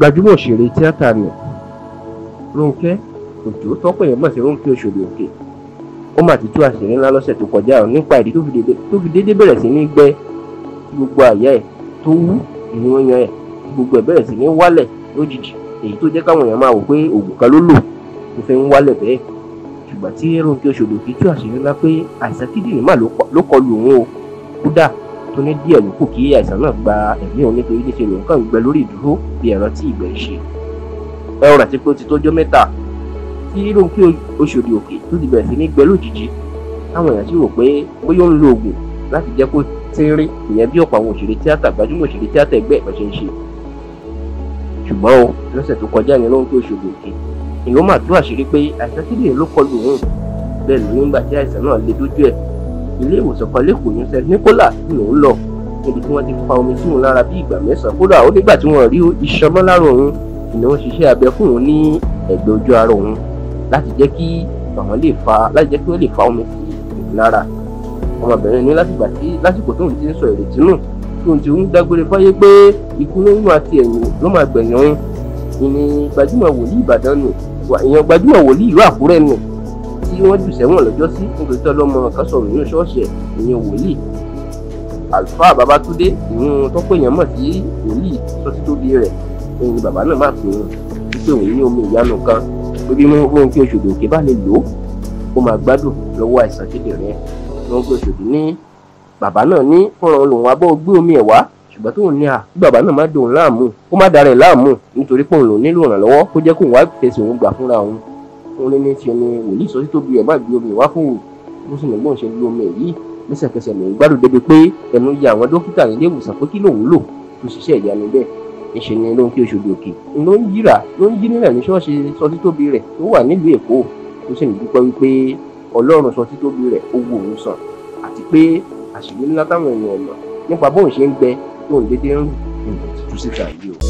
gbajúmọ̀ òṣèré tíátà ni Rónkẹ́ Òjó tọ́pọ̀ yẹn mọ̀ sí Rónkẹ́ Òṣòdì Òkè ó mà ti tú àṣírí ńlá lọ́sẹ̀ tó kọjá ọ̀ nípa ìdí tó fi déédéé bẹ̀rẹ̀ sí ní gbẹ́ tí gbogbo àyà ẹ̀ tó wú ìwọ̀n yan ẹ̀ tí gbogbo ẹ̀ bẹ̀rẹ̀ sí ní wálẹ̀ lójijì èyí tó jẹ́ káwọn èèyàn máa wò pé oògùn kan ló lò tó fi ń wálẹ̀ bẹ́ẹ̀ ṣùgbọ́n tí Rónkẹ́ Òṣòdì Òkè tú àṣírí ńlá pé àìsàn kíndìnrín mà ló kọlù òun o kódà tó ní díẹ̀ ló kù kí àìsàn náà gba ẹ̀mí òun nítorí níṣe lòun kàn ń gbẹ lórí ìdúró bí ẹ̀rọ tí ìgbẹ́ ń ṣe ẹ ó rántí pé ó ti tójọ́ mẹ́ta tí Ronke Oṣòdì Òkè tó ti bẹ̀rẹ̀ sí ní gbẹ lójijì táwọn èèyàn sì rò pé bóyá ó ń lo oògùn láti jẹ́ kó tínrín ìyẹn bí ọ̀pọ̀ àwọn òṣèré tíátà gbajúmọ̀ òṣèré tíátà ẹgbẹ́ ẹ̀pẹ́ ṣe ń ṣe ṣùgbọ́n o lọ́sẹ̀ tó kọjá ni Ronke Oṣòdì Òkè ìlú màdúrà ṣe rí pé àìsàn kíndìnrín ló kọlù òun bẹ́ẹ̀ lóyún gbà tí àìsàn náà le dójú ẹ̀ ilé ìwòsàn kan lẹ́kọ̀ọ́ yẹn sẹ́ lòún lọ níbi tí wọ́n ti fa omi sí lára bí ìgbà mẹ́sàn-án kódà ó nígbà tí wọ́n rí iṣan mọ́ lára òun ni wọ́n ṣiṣẹ́ abẹ fún òun ní ẹ̀gbẹ́ ojú ara òun láti jẹ́ kí àwọn lè fa láti jẹ́ kí wọ́n lè fa omi sí òun lára ọmọbìnrin ní látìgbà tí lásìkò tóun ti ń sọ ìrètí nù tóun ti ń dágbére fáyé pé ikú ló ń máa ti ẹ̀yìn ló máa gbẹ̀yìn òun ìní gbajúmọ̀ wòlíì Ìbàdàn nù ìyẹn gbajúmọ̀ wòlíì ìlú Àkúrẹ́ nù tí wọ́n jù sẹ́wọ̀n lọ́jọ́ sí nítorí tí ọlọ́mọ kan sọ̀rọ̀ nínú ṣọ́ọ̀ṣì ẹ̀ ìyẹn wòlíì àlùfáà babatunde ìyẹn tọ́pọ̀ èèyàn mọ̀ sí wòlíì sọ́sítóbi rẹ̀ òun bàbá náà máa fi hàn wípé òun ní omi ìyanu kan pé bí wọ́n fi oṣù òkè bá lè lò ó ó máa gbádùn lọ́wọ́ àìsàn kéde rẹ̀ wọ́n fi oṣù ní bàbá náà ní kó má ọkùnrin ní tiẹ̀ ni wòlíì sọ sí tóbi ẹ̀ má gbé omi wá fún un mo sì ní gbọ́n ṣe lu omi yìí lẹ́sẹ̀kẹsẹ̀ lòún gbádùn débi pé ẹnu ya àwọn dókítà nílé ìwòsàn pé kí lòun lò tó ṣiṣẹ́ ìyanu bẹ́ẹ̀ ìṣe ni ló ń kí Òṣòdì Òkè ló ń yíra ló ń yí nílẹ̀ ní ṣọ́ọ̀ṣì sọ sí tóbi rẹ̀ tó wà nílùú Èkó tó sì ń dúpẹ́ wípé Ọlọ́run sọ sí tóbi rẹ̀ ó wo òun sàn àti pé àṣírí ńlá táwọn èèyàn ọ̀nà nípa bóun ṣe ń gbẹ tóun déédéé ń rù ìmọ̀ tuntun síta yìí o.